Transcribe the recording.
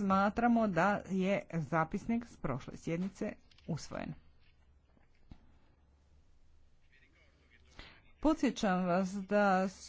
smatramo da je zapisnik s prošle sjednice usvojen. Podsjećam vas da su